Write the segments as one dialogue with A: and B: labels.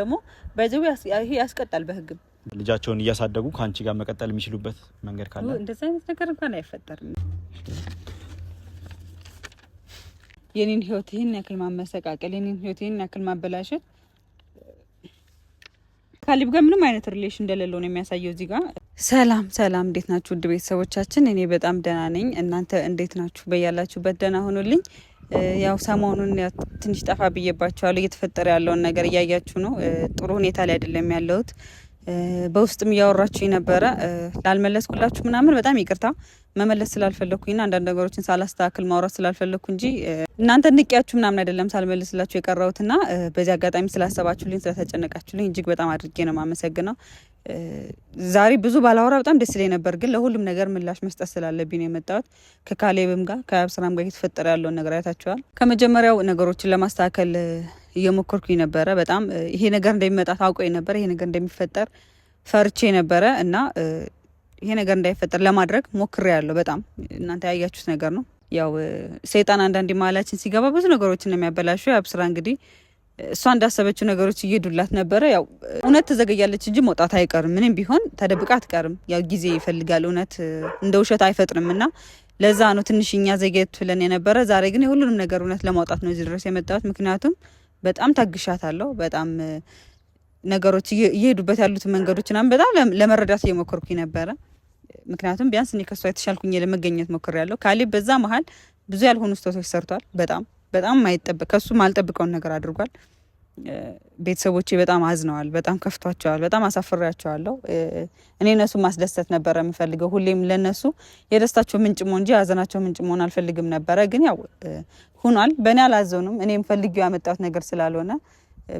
A: ደግሞ በዚሁ ይሄ ያስቀጣል በህግም
B: ልጃቸውን እያሳደጉ ከአንቺ ጋር መቀጠል የሚችሉበት መንገድ ካለ
A: እንደዚ አይነት ነገር እንኳን አይፈጠርም። የኔን ህይወት ይህን ያክል ማመሰቃቀል፣ የኔን ህይወት ይህን ያክል ማበላሸት ካሊብ ጋር ምንም አይነት ሪሌሽን እንደሌለው ነው የሚያሳየው እዚህ ጋር። ሰላም ሰላም፣ እንዴት ናችሁ ውድ ቤተሰቦቻችን? እኔ በጣም ደህና ነኝ። እናንተ እንዴት ናችሁ? በያላችሁበት ደህና ሆኖልኝ ያው ሰሞኑን ትንሽ ጠፋ ብዬባቸዋለሁ። እየተፈጠረ ያለውን ነገር እያያችሁ ነው። ጥሩ ሁኔታ ላይ አይደለም ያለሁት። በውስጥም እያወራችሁ የነበረ ላልመለስኩላችሁ ምናምን በጣም ይቅርታ። መመለስ ስላልፈለግኩኝና አንዳንድ ነገሮችን ሳላስተካክል ማውራት ስላልፈለግኩ እንጂ እናንተ ንቄያችሁ ምናምን አይደለም ሳልመልስላችሁ የቀረሁትና በዚህ አጋጣሚ ስላሰባችሁልኝ፣ ስለተጨነቃችሁልኝ እጅግ በጣም አድርጌ ነው የማመሰግነው። ዛሬ ብዙ ባላወራ በጣም ደስ ይለኝ ነበር፣ ግን ለሁሉም ነገር ምላሽ መስጠት ስላለብኝ ነው የመጣሁት። ከካሌብም ጋር ከአብስራም ጋር የተፈጠረ ያለውን ነገር አይታችኋል። ከመጀመሪያው ነገሮችን ለማስተካከል እየሞከርኩኝ ነበረ። በጣም ይሄ ነገር እንደሚመጣ ታውቆ ነበረ። ይሄ ነገር እንደሚፈጠር ፈርቼ ነበረ እና ይሄ ነገር እንዳይፈጠር ለማድረግ ሞክሬ ያለው በጣም እናንተ ያያችሁት ነገር ነው። ያው ሰይጣን አንዳንዴ መሀላችን ሲገባ ብዙ ነገሮችን ነው የሚያበላሹ። አብስራ እንግዲህ እሷ እንዳሰበችው ነገሮች እየሄዱላት ነበረ። ያው እውነት ተዘገያለች እንጂ መውጣት አይቀርም። ምንም ቢሆን ተደብቃ አትቀርም። ያው ጊዜ ይፈልጋል። እውነት እንደ ውሸት አይፈጥርም እና ለዛ ነው ትንሽ እኛ ዘጌት ብለን የነበረ። ዛሬ ግን የሁሉንም ነገር እውነት ለማውጣት ነው እዚህ ድረስ የመጣሁት ምክንያቱም በጣም ታግሻታለሁ። በጣም ነገሮች እየሄዱበት ያሉት መንገዶች ናም በጣም ለመረዳት እየሞከርኩኝ ነበረ። ምክንያቱም ቢያንስ እኔ ከሷ የተሻልኩኝ ለመገኘት ያለው ካሌብ በዛ መሀል ብዙ ያልሆኑ ስህተቶች ሰርቷል። በጣም በጣም ከሱ ማልጠብቀውን ነገር አድርጓል። ቤተሰቦቼ በጣም አዝነዋል፣ በጣም ከፍቷቸዋል፣ በጣም አሳፍሬያቸዋለሁ። እኔ እነሱ ማስደሰት ነበረ የምፈልገው። ሁሌም ለነሱ የደስታቸው ምንጭ መሆን እንጂ የሀዘናቸው ምንጭ መሆን አልፈልግም ነበረ። ግን ያው ሁኗል። በእኔ አላዘኑም። እኔም ፈልጌው ያመጣሁት ነገር ስላልሆነ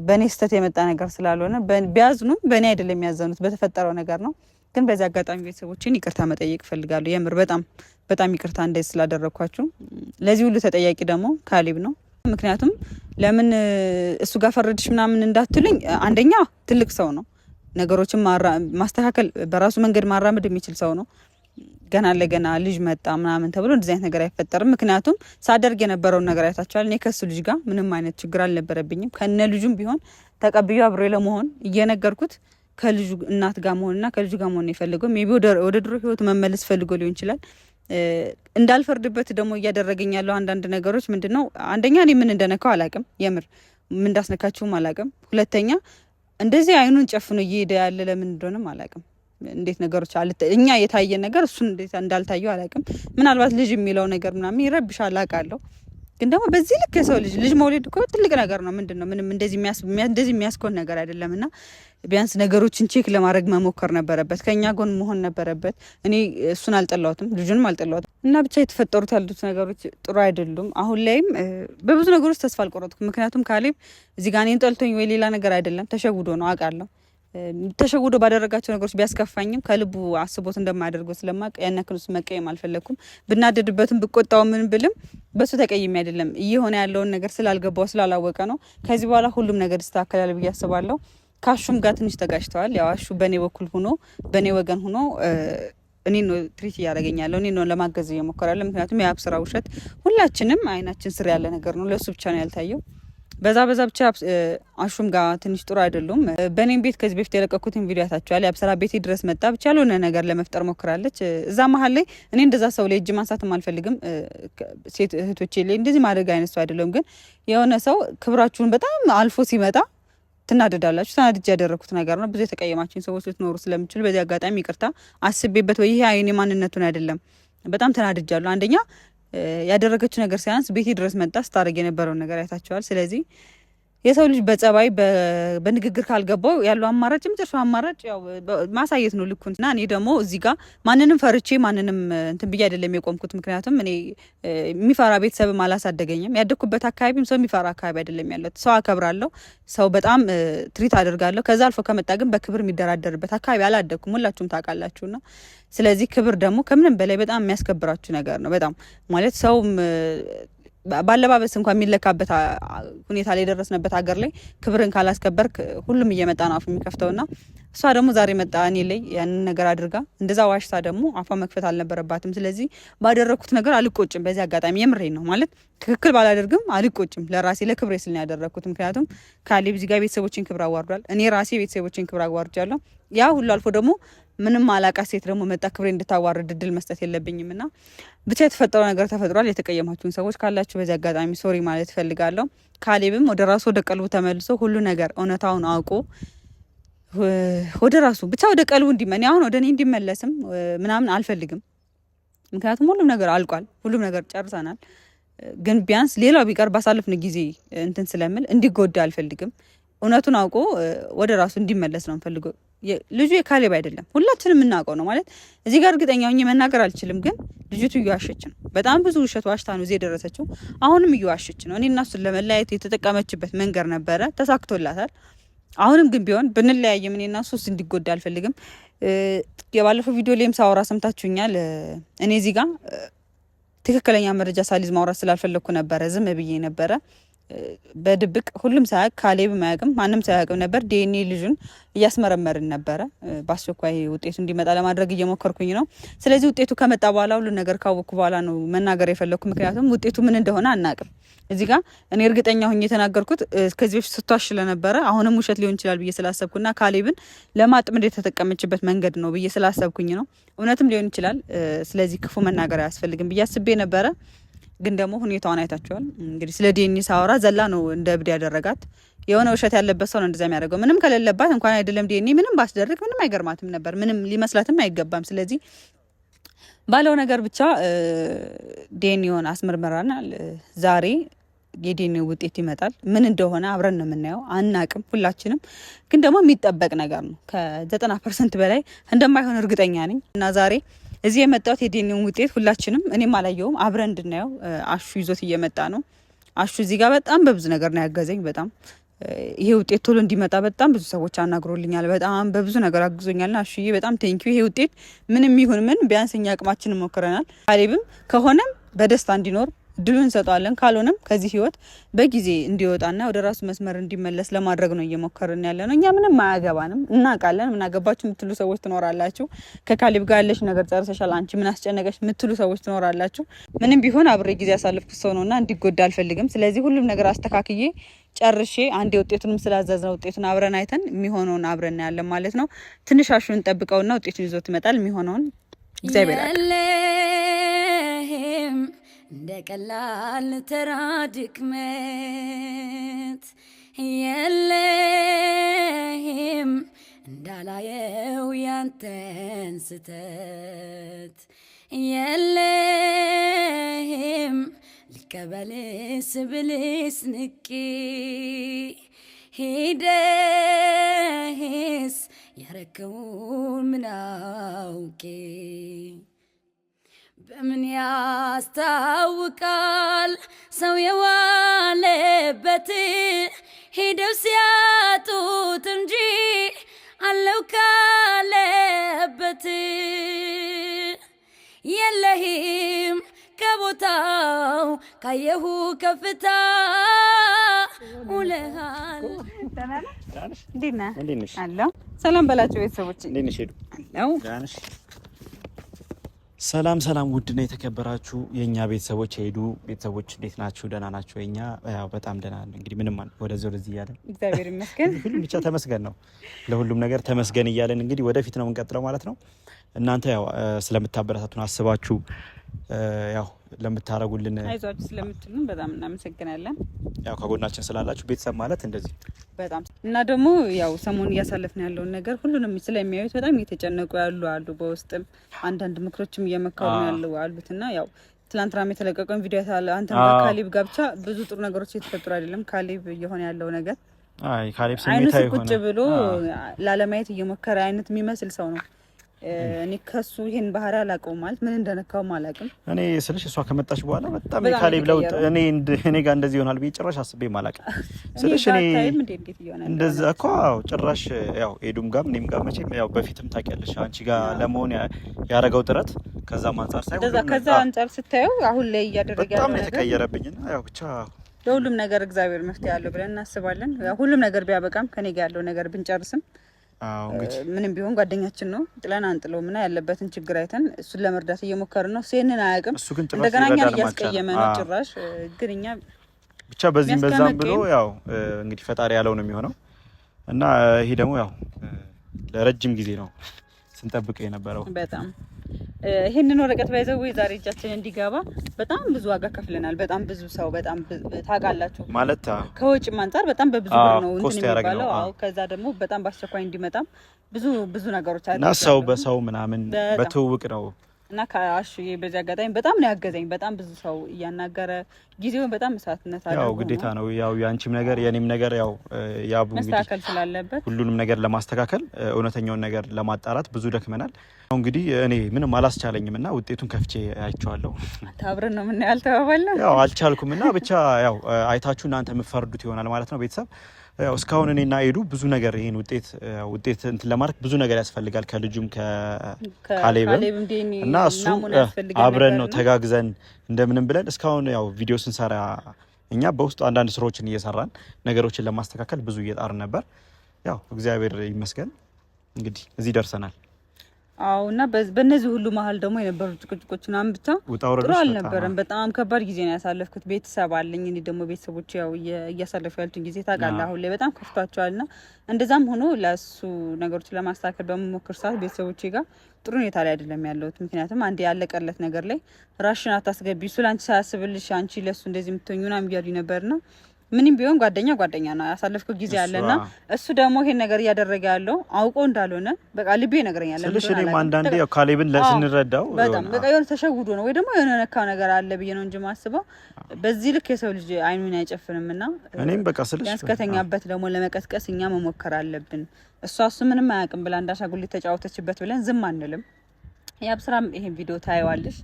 A: በእኔ ስህተት የመጣ ነገር ስላልሆነ ቢያዝኑም በእኔ አይደለም የሚያዘኑት በተፈጠረው ነገር ነው። ግን በዚህ አጋጣሚ ቤተሰቦችን ይቅርታ መጠየቅ እፈልጋለሁ። የምር በጣም በጣም ይቅርታ እንደ ስላደረግኳችሁ። ለዚህ ሁሉ ተጠያቂ ደግሞ ካሊብ ነው። ምክንያቱም ለምን እሱ ጋር ፈረድሽ ምናምን እንዳትሉኝ፣ አንደኛ ትልቅ ሰው ነው። ነገሮችን ማስተካከል በራሱ መንገድ ማራመድ የሚችል ሰው ነው። ገና ለገና ልጅ መጣ ምናምን ተብሎ እንደዚህ አይነት ነገር አይፈጠርም። ምክንያቱም ሳደርግ የነበረውን ነገር አይታችኋል። እኔ ከሱ ልጅ ጋር ምንም አይነት ችግር አልነበረብኝም። ከነ ልጁም ቢሆን ተቀብዩ አብሬ ለመሆን እየነገርኩት ከልጁ እናት ጋር መሆንና ከልጁ ጋር መሆን የፈለገው ሜቢ ወደ ድሮ ህይወት መመለስ ፈልጎ ሊሆን ይችላል። እንዳልፈርድበት ደግሞ እያደረገኝ ያለው አንዳንድ ነገሮች ምንድን ነው? አንደኛ እኔ ምን እንደነካው አላቅም፣ የምር ምን እንዳስነካችሁም አላቅም። ሁለተኛ እንደዚህ አይኑን ጨፍኖ እየሄደ ያለ ለምን እንደሆነም አላቅም። እንዴት ነገሮች እኛ የታየ ነገር እሱን እንዴት እንዳልታየው አላቅም። ምናልባት ልጅ የሚለው ነገር ምናምን ይረብሻል አውቃለሁ። ግን ደግሞ በዚህ ልክ የሰው ልጅ ልጅ መውለድ እኮ ትልቅ ነገር ነው። ምንድን ነው ምንም እንደዚህ የሚያስኮን ነገር አይደለም። እና ቢያንስ ነገሮችን ቼክ ለማድረግ መሞከር ነበረበት፣ ከእኛ ጎን መሆን ነበረበት። እኔ እሱን አልጠላሁትም፣ ልጁንም አልጠላሁትም። እና ብቻ የተፈጠሩት ያሉት ነገሮች ጥሩ አይደሉም። አሁን ላይም በብዙ ነገሮች ተስፋ አልቆረጥኩ። ምክንያቱም ካሌብ እዚህ ጋር እኔን ጠልቶኝ ወይ ሌላ ነገር አይደለም፣ ተሸውዶ ነው አውቃለሁ። ተሸውዶ ባደረጋቸው ነገሮች ቢያስከፋኝም ከልቡ አስቦት እንደማያደርገው ስለማቅ ያን ያክል ውስጥ መቀየም አልፈለግኩም። ብናደድበትም ብቆጣው ምን ብልም በሱ ተቀይሜ አይደለም እየሆነ ያለውን ነገር ስላልገባው ስላላወቀ ነው። ከዚህ በኋላ ሁሉም ነገር ይስተካከላል ብዬ አስባለሁ። ከአሹም ጋር ትንሽ ተጋጭተዋል። ያው አሹ በእኔ በኩል ሆኖ በእኔ ወገን ሆኖ እኔ ነው ትሪት እያደረገኛለሁ እኔ ነው ለማገዝ እየሞከራለሁ። ምክንያቱም የአብስራ ውሸት ሁላችንም አይናችን ስር ያለ ነገር ነው። ለእሱ ብቻ ነው ያልታየው። በዛ በዛ ብቻ አሹም ጋር ትንሽ ጥሩ አይደሉም። በእኔም ቤት ከዚህ በፊት የለቀኩትን ቪዲዮ ያታችኋል። የአብሰራ ቤቴ ድረስ መጣ ብቻ ያልሆነ ነገር ለመፍጠር ሞክራለች። እዛ መሀል ላይ እኔ እንደዛ ሰው ላይ እጅ ማንሳትም አልፈልግም። ሴት እህቶቼ ላይ እንደዚህ ማድረግ አይነት ሰው አይደለም። ግን የሆነ ሰው ክብራችሁን በጣም አልፎ ሲመጣ ትናደዳላችሁ። ተናድጄ ያደረኩት ነገር ነው። ብዙ የተቀየማችን ሰዎች ልትኖሩ ስለምችሉ በዚህ አጋጣሚ ይቅርታ አስቤበት፣ ወይ ይሄ አይኔ ማንነቱን አይደለም። በጣም ተናድጃለሁ። አንደኛ ያደረገችው ነገር ሳያንስ ቤቴ ድረስ መጣ ስታደርግ የነበረውን ነገር አይታችኋል። ስለዚህ የሰው ልጅ በጸባይ በንግግር ካልገባው ያለው አማራጭ የመጨረሻው አማራጭ ያው ማሳየት ነው ልኩን እና እኔ ደግሞ እዚህ ጋር ማንንም ፈርቼ ማንንም እንትን ብዬ አይደለም የቆምኩት። ምክንያቱም እኔ የሚፈራ ቤተሰብም አላሳደገኝም። ያደግኩበት አካባቢም ሰው የሚፈራ አካባቢ አይደለም ያለት። ሰው አከብራለሁ፣ ሰው በጣም ትሪት አደርጋለሁ። ከዛ አልፎ ከመጣ ግን በክብር የሚደራደርበት አካባቢ አላደግኩም። ሁላችሁም ታውቃላችሁና ስለዚህ ክብር ደግሞ ከምንም በላይ በጣም የሚያስከብራችሁ ነገር ነው። በጣም ማለት ሰውም በአለባበስ እንኳን የሚለካበት ሁኔታ ላይ የደረስንበት ሀገር ላይ ክብርን ካላስከበርክ ሁሉም እየመጣ ነው የሚከፍተው። የሚከፍተውና እሷ ደግሞ ዛሬ መጣ እኔ ላይ ያንን ነገር አድርጋ እንደዛ ዋሽታ ደግሞ አፏ መክፈት አልነበረባትም። ስለዚህ ባደረግኩት ነገር አልቆጭም። በዚህ አጋጣሚ የምሬ ነው ማለት ትክክል ባላደርግም አልቆጭም። ለራሴ ለክብሬ ስል ያደረግኩት። ምክንያቱም ካሌብ እዚህ ቤተሰቦችን ክብር አዋርዷል። እኔ ራሴ ቤተሰቦችን ክብር አዋርጃለሁ። ያ ሁሉ አልፎ ደግሞ ምንም አላቃ ሴት ደግሞ መጣ ክብሬ እንድታዋርድ እድል መስጠት የለብኝም እና ብቻ የተፈጠረው ነገር ተፈጥሯል። የተቀየማችሁን ሰዎች ካላችሁ በዚህ አጋጣሚ ሶሪ ማለት እፈልጋለሁ። ካሌብም ወደ ራሱ ወደ ቀልቡ ተመልሶ ሁሉ ነገር እውነታውን አውቆ ወደ ራሱ ብቻ ወደ ቀልቡ እንዲመን አሁን ወደ እኔ እንዲመለስም ምናምን አልፈልግም። ምክንያቱም ሁሉም ነገር አልቋል። ሁሉም ነገር ጨርሰናል። ግን ቢያንስ ሌላው ቢቀር ባሳለፍን ጊዜ እንትን ስለምል እንዲጎዳ አልፈልግም። እውነቱን አውቆ ወደ ራሱ እንዲመለስ ነው ፈልገው ልጁ የካሌብ አይደለም፣ ሁላችንም የምናውቀው ነው። ማለት እዚህ ጋር እርግጠኛ ሆኜ መናገር አልችልም፣ ግን ልጅቱ እየዋሸች ነው። በጣም ብዙ ውሸት ዋሽታ ነው እዚህ የደረሰችው። አሁንም እየዋሸች ነው። እኔ እና እሱን ለመለያየት የተጠቀመችበት መንገድ ነበረ፣ ተሳክቶላታል። አሁንም ግን ቢሆን ብንለያይም እኔ እና እሱ እንዲጎዳ አልፈልግም። የባለፈው ቪዲዮ ላይም ሳወራ ሰምታችሁኛል። እኔ እዚህ ጋር ትክክለኛ መረጃ ሳሊዝ ማውራት ስላልፈለግኩ ነበረ ዝም ብዬ ነበረ። በድብቅ ሁሉም ሳያቅ ካሌብ ማያቅም ማንም ሳያቅም ነበር። ዲኤንኤ ልጁን እያስመረመርን ነበረ። በአስቸኳይ ውጤቱ እንዲመጣ ለማድረግ እየሞከርኩኝ ነው። ስለዚህ ውጤቱ ከመጣ በኋላ ሁሉ ነገር ካወቅኩ በኋላ ነው መናገር የፈለግኩ። ምክንያቱም ውጤቱ ምን እንደሆነ አናቅም እዚህ ጋ እኔ እርግጠኛ ሁኝ የተናገርኩት ከዚህ በፊት ስቷሽ ስለነበረ አሁንም ውሸት ሊሆን ይችላል ብዬ ስላሰብኩና ካሌብን ለማጥመድ የተጠቀመችበት መንገድ ነው ብዬ ስላሰብኩኝ ነው። እውነትም ሊሆን ይችላል። ስለዚህ ክፉ መናገር አያስፈልግም ብዬ አስቤ ነበረ። ግን ደግሞ ሁኔታዋን አይታችኋል። እንግዲህ ስለ ዴኒ ሳወራ ዘላ ነው እንደ እብድ ያደረጋት። የሆነ ውሸት ያለበት ሰው ነው እንደዛ የሚያደርገው። ምንም ከሌለባት እንኳን አይደለም ዴኒ ምንም ባስደርግ ምንም አይገርማትም ነበር። ምንም ሊመስላትም አይገባም። ስለዚህ ባለው ነገር ብቻ ዴኒውን አስመርመራናል። ዛሬ የዴኒ ውጤት ይመጣል። ምን እንደሆነ አብረን ነው የምናየው። አናቅም ሁላችንም፣ ግን ደግሞ የሚጠበቅ ነገር ነው። ከዘጠና ፐርሰንት በላይ እንደማይሆን እርግጠኛ ነኝ እና ዛሬ እዚህ የመጣሁት የዲኤንኤውን ውጤት ሁላችንም እኔም አላየውም አብረን እንድናየው አሹ ይዞት እየመጣ ነው። አሹ እዚህ ጋር በጣም በብዙ ነገር ነው ያገዘኝ። በጣም ይሄ ውጤት ቶሎ እንዲመጣ በጣም ብዙ ሰዎች አናግሮልኛል። በጣም በብዙ ነገር አግዞኛል አሹዬ በጣም ቴንኪዩ። ይሄ ውጤት ምንም ይሁን ምን ቢያንስ እኛ አቅማችን ሞክረናል። ካሌብም ከሆነም በደስታ እንዲኖር ድሉ እንሰጠዋለን። ካልሆነም ከዚህ ህይወት በጊዜ እንዲወጣና ወደ ራሱ መስመር እንዲመለስ ለማድረግ ነው እየሞከርን ያለ ነው። እኛ ምንም አያገባንም፣ እናውቃለን። ምን አገባችሁ የምትሉ ሰዎች ትኖራላችሁ። ከካሊብ ጋር ያለሽ ነገር ጨርሰሻል፣ አንቺ ምን አስጨነቀሽ የምትሉ ሰዎች ትኖራላችሁ። ምንም ቢሆን አብሬ ጊዜ ያሳልፍኩት ሰው እና እንዲጎዳ አልፈልግም። ስለዚህ ሁሉም ነገር አስተካክዬ ጨርሼ አንዴ ውጤቱንም ስላዘዝነው ውጤቱን አብረን አይተን የሚሆነውን አብረን ያለን ማለት ነው። ትንሽ አሹን ጠብቀውና ውጤቱን ይዞት ይመጣል የሚሆነውን እግዚአብሔር እንደ ቀላል ተራ ድክመት የለህም እንዳላየው ያንተን ስተት የለህም ልቀበልስ ብልስ ንቂ ሂደህስ ያረከውን ምናውቄ በምን ያስታውቃል ሰው የዋለበት ሄደው ሲያጡት እንጂ አለው ካለበት የለህም ከቦታው ካየሁ ከፍታ ውለሃል። ሰላም በላቸው ቤተሰቦች፣ እንዴት ነሽ? ሄዱ
B: ሰላም ሰላም፣ ውድና የተከበራችሁ የእኛ ቤተሰቦች ሄዱ ቤተሰቦች እንዴት ናችሁ? ደህና ናቸው። የኛ በጣም ደህና ነን። እንግዲህ ምንም ወደዚህ ወደዚህ እያለን
A: እግዚአብሔር ይመስገን፣
B: ሁሉም ብቻ ተመስገን ነው። ለሁሉም ነገር ተመስገን እያለን እንግዲህ ወደፊት ነው የምንቀጥለው ማለት ነው። እናንተ ያው ስለምታበረታቱን አስባችሁ ያው ለምታረጉልን
A: አይዟችሁ ስለምትሉን በጣም እናመሰግናለን።
B: ያው ከጎናችን ስላላችሁ ቤተሰብ ማለት እንደዚህ
A: በጣም እና ደግሞ ያው ሰሞኑን እያሳለፍን ያለውን ነገር ሁሉንም ስለሚያዩት በጣም እየተጨነቁ ያሉ አሉ። በውስጥም አንዳንድ ምክሮችም እየመከሩ ያሉ አሉት እና ያው ትላንትናም የተለቀቀውን ቪዲዮ ታለ አንተ ካሊብ ጋብቻ ብዙ ጥሩ ነገሮች እየተፈጠሩ አይደለም። ካሊብ እየሆነ ያለው ነገር
B: አይ ካሌብ ስሜታዊ ሆነ
A: ቁጭ ብሎ ላለማየት እየሞከረ አይነት የሚመስል ሰው ነው እኔ ከሱ ይሄን ባህሪ አላውቀውም። ማለት ምን እንደነካውም አላውቅም።
B: እኔ ስልሽ እሷ ከመጣች በኋላ በጣም የካሌብ ለውጥ እኔ እኔ ጋር እንደዚህ ይሆናል ብዬ ጭራሽ አስቤም አላውቅም። ስልሽ እኔ እንደዛ እኮ አዎ፣ ጭራሽ ያው ኤዱም ጋር እኔም ጋር መቼም ያው በፊትም ታውቂያለሽ አንቺ ጋር ለመሆን ያደረገው ጥረት ከዛም አንጻር ሳይሆን
A: እንደዛ ከዛ አንጻር ስታየው አሁን ላይ እያደረገ
B: በጣም ነው የተቀየረብኝና ያው ብቻ
A: ለሁሉም ነገር እግዚአብሔር መፍትሄ አለው ብለን እናስባለን። ሁሉም ነገር ቢያበቃም ከኔ ጋር ያለው ነገር ብንጨርስም ምንም ቢሆን ጓደኛችን ነው። ጥለን አንጥለው ምና ያለበትን ችግር አይተን እሱን ለመርዳት እየሞከርን ነው። ሴንን አያውቅም። እንደገና እኛን እያስቀየመ ነው ጭራሽ። ግን እኛ
B: ብቻ በዚህም በዛም ብሎ ያው እንግዲህ ፈጣሪ ያለው ነው የሚሆነው እና ይሄ ደግሞ ያው ለረጅም ጊዜ ነው ስንጠብቀ የነበረው
A: በጣም ይሄንን ወረቀት ባይዘው ዛሬ እጃችን እንዲገባ በጣም ብዙ ዋጋ ከፍለናል። በጣም ብዙ ሰው በጣም ታውቃላችሁ ማለት ከወጪም አንጻር በጣም በብዙ ብር ነው እንትን የሚባለው። አዎ ከዛ ደግሞ በጣም በአስቸኳይ እንዲመጣም ብዙ ብዙ ነገሮች አሉ
B: እና ሰው በሰው ምናምን በትውውቅ ነው
A: እና ከአሹዬ በዚህ አጋጣሚ በጣም ነው ያገዘኝ። በጣም ብዙ ሰው እያናገረ ጊዜውን በጣም መስዋዕትነት
B: አለ። ያው ግዴታ ነው ያው የአንቺም ነገር የኔም ነገር ያው ያቡ
A: መስተካከል ስላለበት
B: ሁሉንም ነገር ለማስተካከል እውነተኛውን ነገር ለማጣራት ብዙ ደክመናል። እንግዲህ እኔ ምንም አላስቻለኝም እና ውጤቱን ከፍቼ አይቼዋለሁ።
A: አብረን ነው ምና ያልተባባልን
B: ያው አልቻልኩም እና ብቻ ያው አይታችሁ እናንተ የምፈርዱት ይሆናል ማለት ነው ቤተሰብ ያው እስካሁን እኔና ሄዱ ብዙ ነገር ይህን ውጤት ውጤት እንትን ለማድረግ ብዙ ነገር ያስፈልጋል ከልጁም ከካሌብም እና እሱ አብረን ነው ተጋግዘን እንደምንም ብለን እስካሁን ያው ቪዲዮ ስንሰራ እኛ በውስጡ አንዳንድ ስራዎችን እየሰራን ነገሮችን ለማስተካከል ብዙ እየጣርን ነበር። ያው እግዚአብሔር ይመስገን እንግዲህ እዚህ ደርሰናል።
A: አዎ እና በእነዚህ ሁሉ መሀል ደግሞ የነበሩ ጭቅጭቆች ምናምን ብቻ ጥሩ አልነበረም። በጣም ከባድ ጊዜ ነው ያሳለፍኩት። ቤተሰብ አለኝ እኔ ደግሞ ቤተሰቦች ያው እያሳለፉ ያሉትን ጊዜ ታውቃለህ፣ አሁን ላይ በጣም ከፍቷቸዋል። እና እንደዛም ሆኖ ለእሱ ነገሮች ለማስተካከል በምሞክር ሰዓት ቤተሰቦቼ ጋር ጥሩ ሁኔታ ላይ አይደለም ያለሁት። ምክንያቱም አንድ ያለቀለት ነገር ላይ ራሽን አታስገቢ፣ እሱ ለአንቺ ሳያስብልሽ አንቺ ለእሱ እንደዚህ የምትሆኙ ምናምን እያሉኝ ነበርና ምንም ቢሆን ጓደኛ ጓደኛ ነው፣ ያሳለፍኩ ጊዜ አለና እሱ ደግሞ ይሄን ነገር እያደረገ ያለው አውቆ እንዳልሆነ በቃ ልቤ ይነግረኛል።
B: ስለሽ እኔም አንዳንዴ ያው ካሌብን ስንረዳው
A: በጣም በቃ የሆነ ተሸውዶ ነው ወይ ደግሞ የሆነ ነካ ነገር አለ ብዬ ነው እንጂ ማስበው በዚህ ልክ የሰው ልጅ አይኑን አይጨፍንም። እና
B: እኔም በቃ ስለሽ
A: ያስከተኛበት ደግሞ ለመቀስቀስ እኛ መሞከር አለብን። እሷ እሱ ምንም አያውቅም ብላ እንዳሻጉሊት ተጫወተችበት ብለን ዝም አንልም። የአብስራም ይሄን ቪዲዮ ታየዋለሽ።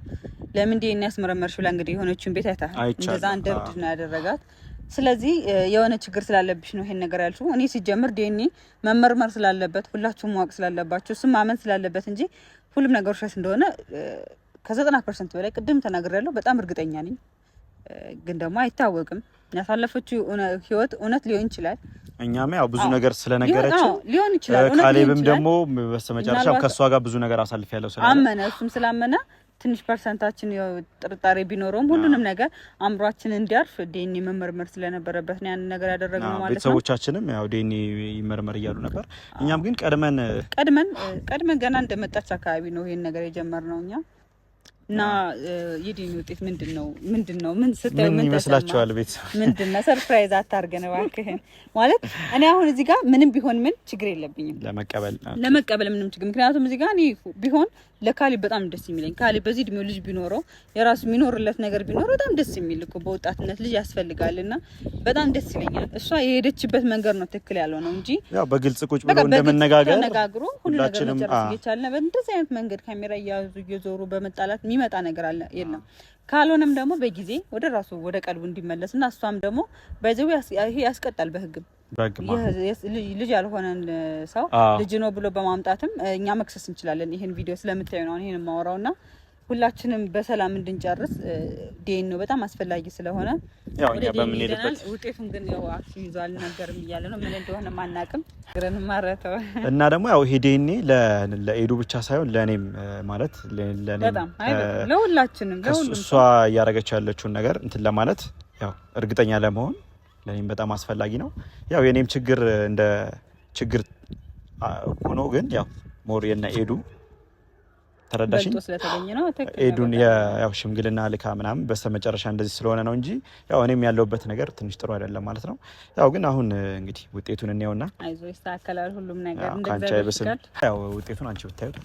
A: ለምን እንዲህ ያስመረመርሽ ብላ እንግዲህ የሆነችን ቤት አይታ እንደዛ እንደ እብድ ነው ያደረጋት ስለዚህ የሆነ ችግር ስላለብሽ ነው ይሄን ነገር ያልሽው። እኔ ሲጀምር ዴኒ መመርመር ስላለበት ሁላችሁም ማወቅ ስላለባችሁ እሱም ማመን ስላለበት እንጂ ሁሉም ነገር ውሸት እንደሆነ ከዘጠና ፐርሰንት በላይ ቅድም ተናግሬያለሁ። በጣም እርግጠኛ ነኝ። ግን ደግሞ አይታወቅም። ያሳለፈችው ህይወት እውነት ሊሆን ይችላል።
B: እኛም ያው ብዙ ነገር ስለነገረችው ሊሆን ይችላል። ካሌብም ደግሞ በስተመጨረሻ ከእሷ ጋር ብዙ ነገር አሳልፍ ያለው
A: ስለ አመነ እሱም ስላመነ ትንሽ ፐርሰንታችን ጥርጣሬ ቢኖረውም ሁሉንም ነገር አእምሯችን እንዲያርፍ ዴኒ መመርመር ስለነበረበት ነው ያንን ነገር ነው
B: ማለት ነው። ቤተሰቦቻችንም ያው ዴኒ ይመርመር እያሉ ነበር። እኛም ግን ቀድመን
A: ቀድመን ቀድመን ገና እንደመጣች አካባቢ ነው ይህን ነገር የጀመርነው እኛ እና የዲኒ ውጤት ምንድን ነው? ምንድን ነው? ምን ስታዩ
B: ምን ይመስላችኋል? ቤተሰብ
A: ምንድን ነው? ሰርፕራይዝ አታርገን እባክህን። ማለት እኔ አሁን እዚህ ጋር ምንም ቢሆን ምን ችግር የለብኝም ለመቀበል ለመቀበል ምንም ችግር ምክንያቱም እዚህ ጋር እኔ ቢሆን ለካሌብ በጣም ደስ የሚለኝ ካሌብ በዚህ እድሜው ልጅ ቢኖረው የራሱ የሚኖርለት ነገር ቢኖረው በጣም ደስ የሚል እኮ በወጣትነት ልጅ ያስፈልጋል። እና በጣም ደስ ይለኛል። እሷ የሄደችበት መንገድ ነው ትክክል ያለው ነው እንጂ
B: ያው በግልጽ ቁጭ ብሎ እንደመነጋገር ተነጋግሮ
A: ሁሉ ነገር መጨረስ ይቻላል። በእንደዚህ አይነት መንገድ ካሜራ እያያዙ እየዞሩ በመጣላት የሚመጣ ነገር አለ የለም። ካልሆነም ደግሞ በጊዜ ወደ ራሱ ወደ ቀልቡ እንዲመለስ እና እሷም ደግሞ በዚው ያስቀጣል በህግም
B: ልጅ ያልሆነን ሰው ልጅ ነው ብሎ በማምጣትም እኛ መክሰስ እንችላለን። ይህን ቪዲዮ ስለምታዩ ነው ይህን የማወራው ሁላችንም በሰላም እንድንጨርስ ዴን ነው በጣም አስፈላጊ ስለሆነ በምንሄድበት ውጤቱን ግን ያው ይዞ ነገር እያለ ነው። ምን እንደሆነ ማናቅም ግረን ማረተው እና ደግሞ ያው ይሄ ዴኔ ለኤዱ ብቻ ሳይሆን ለእኔም ማለት ለሁላችንም እሷ እያደረገች ያለችውን ነገር እንትን ለማለት ያው እርግጠኛ ለመሆን ለእኔም በጣም አስፈላጊ ነው። ያው የእኔም ችግር እንደ ችግር ሆኖ ግን ያው ሞር የነ ኤዱ ተረዳሽኝ? ኤዱን ያው ሽምግልና ልካ ምናምን በስተመጨረሻ እንደዚህ ስለሆነ ነው እንጂ ያው እኔም ያለውበት ነገር ትንሽ ጥሩ አይደለም ማለት ነው። ያው ግን አሁን እንግዲህ ውጤቱን እንየውና አይዞህ ይስተካከላል ያው ውጤቱን አንቺ ብታዩት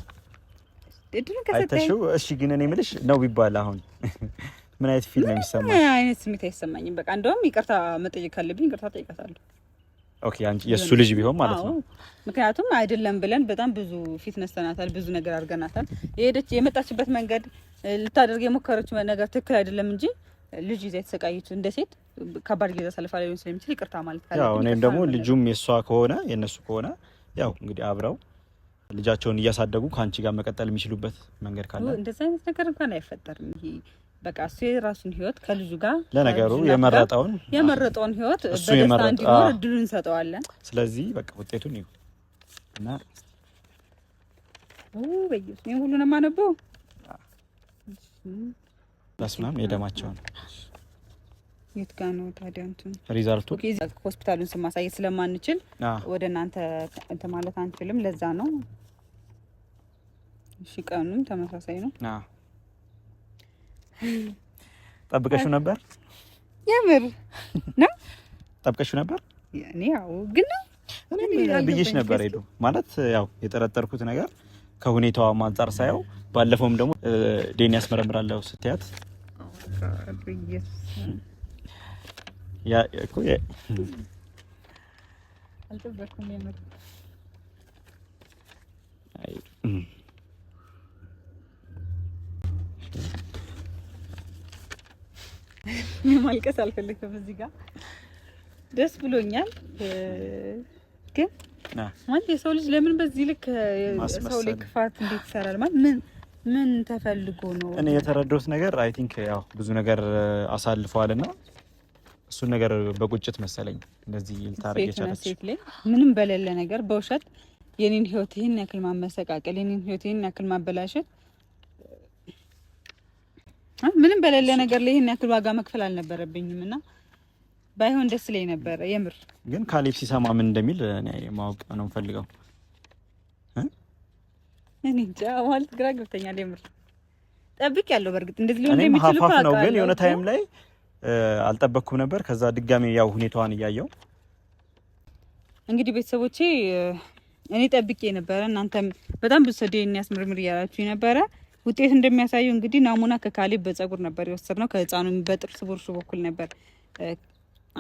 B: አይተሽው እሺ። ግን እኔ የምልሽ ነው ቢባል አሁን ምን አይነት ፊልም የሚሰማ አይነት ስሜት አይሰማኝም። በቃ እንደውም ይቅርታ መጠየቅ ካለብኝ ይቅርታ ጠይቀታለሁ። ኦኬ የእሱ ልጅ ቢሆን ማለት ነው። ምክንያቱም አይደለም ብለን በጣም ብዙ ፊት ነስተናታል፣ ብዙ ነገር አድርገናታል። የሄደች የመጣችበት መንገድ ልታደርግ የሞከረች ነገር ትክክል አይደለም እንጂ ልጅ ይዛ የተሰቃየች እንደ ሴት ከባድ ጊዜ አሳልፋ ሊሆን ስለሚችል ይቅርታ ማለት ያው እኔም ደግሞ ልጁም የእሷ ከሆነ የእነሱ ከሆነ ያው እንግዲህ አብረው ልጃቸውን እያሳደጉ ከአንቺ ጋር መቀጠል የሚችሉበት መንገድ ካለ እንደዚህ አይነት ነገር እንኳን አይፈጠርም። ይሄ በቃ እሱ የራሱን ህይወት ከልጁ ጋር ለነገሩ የመረጠውን የመረጠውን ህይወት እሱ የመረጠ እንዲኖር እድሉ እንሰጠዋለን። ስለዚህ በቃ ውጤቱን ይሁ እና በየሱ ይህ ሁሉን የማነበው ስናም የደማቸው ነው። የት ጋ ነው ታዲያ እንትን ሪዛልቱ ሆስፒታሉን ስማሳየት ስለማንችል ወደ እናንተ እንትን ማለት አንችልም። ለዛ ነው። እሺ ቀኑም ተመሳሳይ ነው። ጠብቀሽው ነበር? የምር ነው ጠብቀሽው ነበር? እኔ ያው ግን ብዬሽ ነበር ሄዶ ማለት ያው የጠረጠርኩት ነገር ከሁኔታዋም አንጻር ሳየው ባለፈውም ደግሞ ዴን ያስመረምራለሁ ስትያት ያ ማልቀስ አልፈለግም። እዚህ ጋር ደስ ብሎኛል። ግን ማለት የሰው ልጅ ለምን በዚህ ልክ ሰው ላይ ክፋት እንዴት ይሰራል? ማለት ምን ምን ተፈልጎ ነው? እኔ የተረዳሁት ነገር አይ ቲንክ ያው ብዙ ነገር አሳልፈዋል እና እሱን ነገር በቁጭት መሰለኝ እንደዚህ ልታረግ የቻለች ምንም በሌለ ነገር በውሸት የኔን ህይወት ይህን ያክል ማመሰቃቀል፣ የኔን ህይወት ይህን ያክል ማበላሸት ምንም በሌለ ነገር ላይ ይህን ያክል ዋጋ መክፈል አልነበረብኝም እና ባይሆን ደስ ላይ ነበረ። የምር ግን ካሌብ ሲሰማ ምን እንደሚል ማወቅ ነው የምፈልገው። እኔ እንጃ ማለት ግራ ገብተኛል። የምር ጠብቅ ያለው በእርግጥ እንደዚህ ሊሆን እንደሚችል ነው፣ ግን የሆነ ታይም ላይ አልጠበቅኩም ነበር። ከዛ ድጋሜ ያው ሁኔታዋን እያየው እንግዲህ ቤተሰቦቼ እኔ ጠብቄ ነበረ። እናንተም በጣም ብዙ ሰዴ ያስምርምር እያላችሁ ነበረ ውጤት እንደሚያሳየው እንግዲህ ናሙና ከካሌብ በጸጉር ነበር ነው። ከህፃኑ በጥርስ ቦርሱ በኩል ነበር።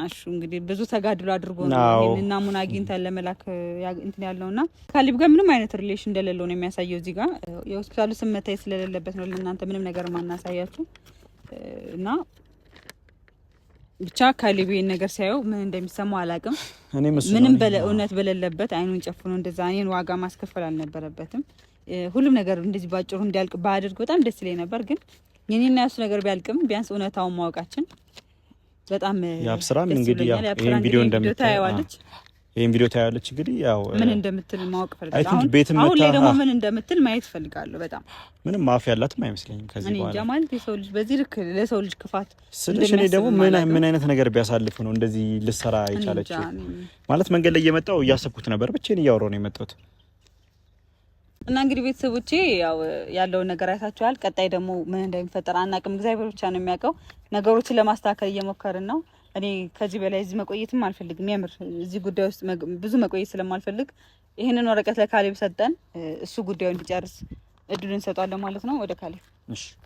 B: አሹ እንግዲህ ብዙ ተጋድሎ አድርጎ ነው ናሙና አግኝተን ለመላክ እንትን ያለው እና ጋር ምንም አይነት ሪሌሽን እንደሌለው ነው የሚያሳየው። እዚህ ጋር የሆስፒታሉ ስም መታየት ስለሌለበት ነው ለእናንተ ምንም ነገር ማናሳያችሁ እና ብቻ ካሊብ ይህን ነገር ሲያየው ምን እንደሚሰማው አላቅም። ምንም እውነት በሌለበት አይኑን ጨፍኖ እንደዛ እኔን ዋጋ ማስከፈል አልነበረበትም። ሁሉም ነገር እንደዚህ ባጭሩ እንዲያልቅ ባደርግ በጣም ደስ ይለኝ ነበር። ግን የኔና ያሱ ነገር ቢያልቅም ቢያንስ እውነታውን ማወቃችን በጣም ያብስራም እንግዲህ ይሄን ቪዲዮ እንደምታየዋለች ይሄን ቪዲዮ ታያለች። እንግዲህ ያው ምን እንደምትል ማወቅ ፈልጋለሁ። አሁን አሁን ላይ ደግሞ ምን እንደምትል ማየት ፈልጋለሁ። በጣም ምንም ማፍ ያላትም አይመስለኝም ከዚህ በኋላ እንጃ። ማለት የሰው ልጅ በዚህ ልክ ለሰው ልጅ ክፋት ስልሽ እኔ ደግሞ ምን ምን አይነት ነገር ቢያሳልፍ ነው እንደዚህ ልሰራ የቻለችው? ማለት መንገድ ላይ እየመጣው እያሰብኩት ነበር። ብቻዬን እያወራሁ ነው የመጣሁት እና እንግዲህ ቤተሰቦቼ ያው ያለውን ነገር አይታችኋል። ቀጣይ ደግሞ ምን እንደሚፈጠር ቅም እግዚአብሔር ብቻ ነው የሚያውቀው። ነገሮችን ለማስተካከል እየሞከርን ነው። እኔ ከዚህ በላይ እዚህ መቆየትም አልፈልግም። የምር እዚህ ጉዳይ ውስጥ ብዙ መቆየት ስለማልፈልግ ይህንን ወረቀት ለካሌብ ሰጠን፣ እሱ ጉዳዩን እንዲጨርስ እድሉ እንሰጧለን ማለት ነው። ወደ ካሌብ